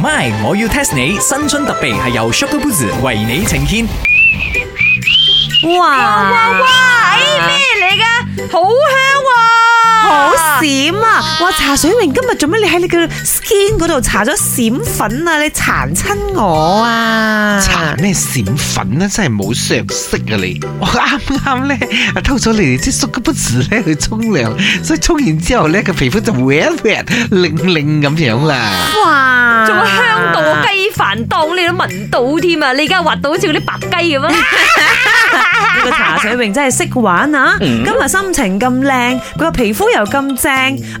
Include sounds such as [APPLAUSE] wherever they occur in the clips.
唔係，My, 我要 test 你新春特備係由 Shopper Boozy 為你呈獻。哇哇哇！誒咩嚟㗎？好香喎！啊！閃啊！哇，茶水明今日做咩？你喺你嘅 skin 嗰度搽咗閃粉啊！你殘親我啊！搽咩閃粉啊？真係冇常識啊你！我啱啱咧偷咗你哋啲濕嘅不時咧去沖涼，所以沖完之後咧個皮膚就滑滑靈靈咁樣啦。哇！仲有香到雞飯檔，你都聞到添啊！你而家滑到好似嗰啲白雞咁啊！你個茶水明真係識玩啊！今日心情咁靚，佢個皮膚又咁正。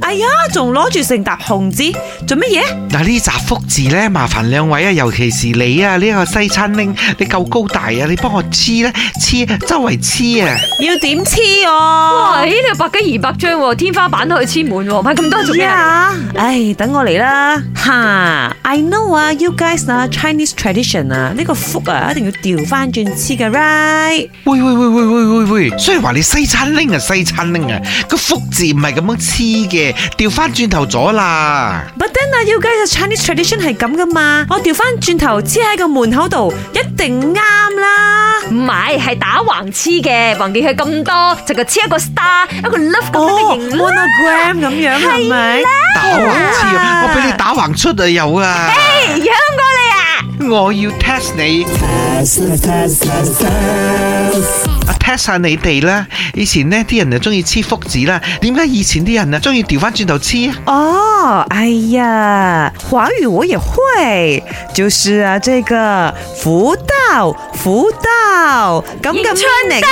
哎呀，仲攞住成沓紅紙做乜嘢？嗱呢紮福字咧，麻煩兩位啊，尤其是你啊，呢個西餐拎，你夠高大啊，你幫我黐咧，黐周圍黐啊，要點黐啊？哇，呢個百幾二百張，天花板都可以黐滿，唔係咁多張啊？唉，等我嚟啦。哈，I know 啊，you guysare，Chinese tradition 啊，呢個福啊，一定要調翻轉黐嘅，right？喂喂喂喂喂喂喂，雖然話你西餐拎啊西餐拎啊，個福字唔係咁樣黐。黐嘅，掉翻轉頭咗啦。But then 啊，要計個 Chinese tradition 係咁噶嘛。我掉翻轉頭黐喺個門口度，一定啱啦。唔係，係打橫黐嘅，橫掂佢咁多，就個黐一個 star，一個 love 咁嘅形，Monogram 咁樣係咪？打橫黐啊！我俾你打橫出啊，有啊。我要 test 你，test test 啊 test 晒你哋啦！以前呢啲人就中意黐福字啦，點解以前啲人啊中意掉翻轉頭黐啊？哦，哎呀，華語我也會，就是啊，這個福到福到，咁嘅咩到？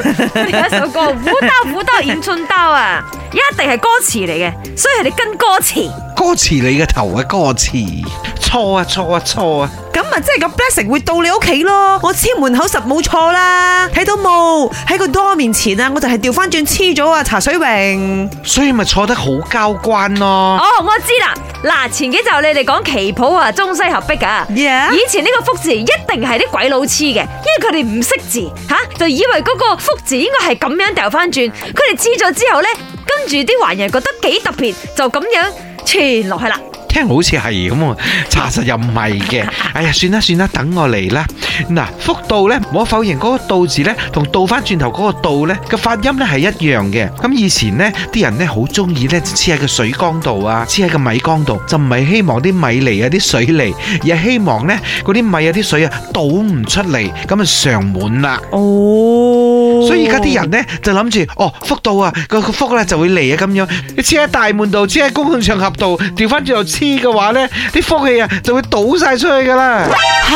呢 [LAUGHS] 一首歌，舞刀舞刀迎春刀啊，一定係歌詞嚟嘅，所以係你跟歌詞，歌詞你嘅頭啊，歌詞錯啊，錯啊，錯啊。咁啊，即係個 blessing 會到你屋企咯，我黐門口實冇錯啦，睇到冇？喺個多面前啊，我就係掉翻轉黐咗啊！茶水榮，所以咪錯得好交關咯。哦，oh, 我知啦，嗱，前幾集你哋講旗袍啊，中西合璧啊，Yeah? 以前呢個福字一定係啲鬼佬黐嘅，因為佢哋唔識字，吓、啊、就以為嗰個福字應該係咁樣掉翻轉，佢哋黐咗之後呢，跟住啲華人覺得幾特別，就咁樣傳落去啦。聽好似係咁啊，查實又唔係嘅。哎呀，算啦算啦，等我嚟啦。嗱，福道咧，我否認嗰個道字咧，同倒翻轉頭嗰個道咧嘅發音咧係一樣嘅。咁以前咧，啲人咧好中意咧黐喺個水缸度啊，黐喺個米缸度，就唔係希望啲米嚟啊啲水嚟，而係希望咧嗰啲米有啲水啊倒唔出嚟，咁啊常滿啦。哦。所以而家啲人咧就諗住，哦，福到啊，個福咧就會嚟啊，咁樣。你黐喺大門度，黐喺公共場合度，調翻轉又黐嘅話咧，啲福氣啊就會倒晒出去噶啦。嚇！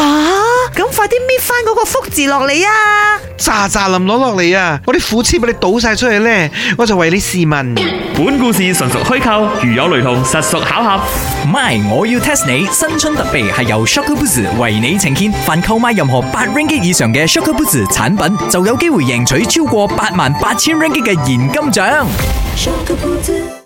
咁快啲搣翻嗰個福字落嚟啊！咋咋林攞落嚟啊！我啲苦錢俾你倒晒出去咧，我就為你試問。本故事純屬虛構，如有雷同，實屬巧合。唔係，我要 test 你。新春特備係由 Shokubutsu 為你呈現。凡購買任何八 ringgit 以上嘅 Shokubutsu 產品，就有機會贏取超過八萬八千 ringgit 嘅現金獎。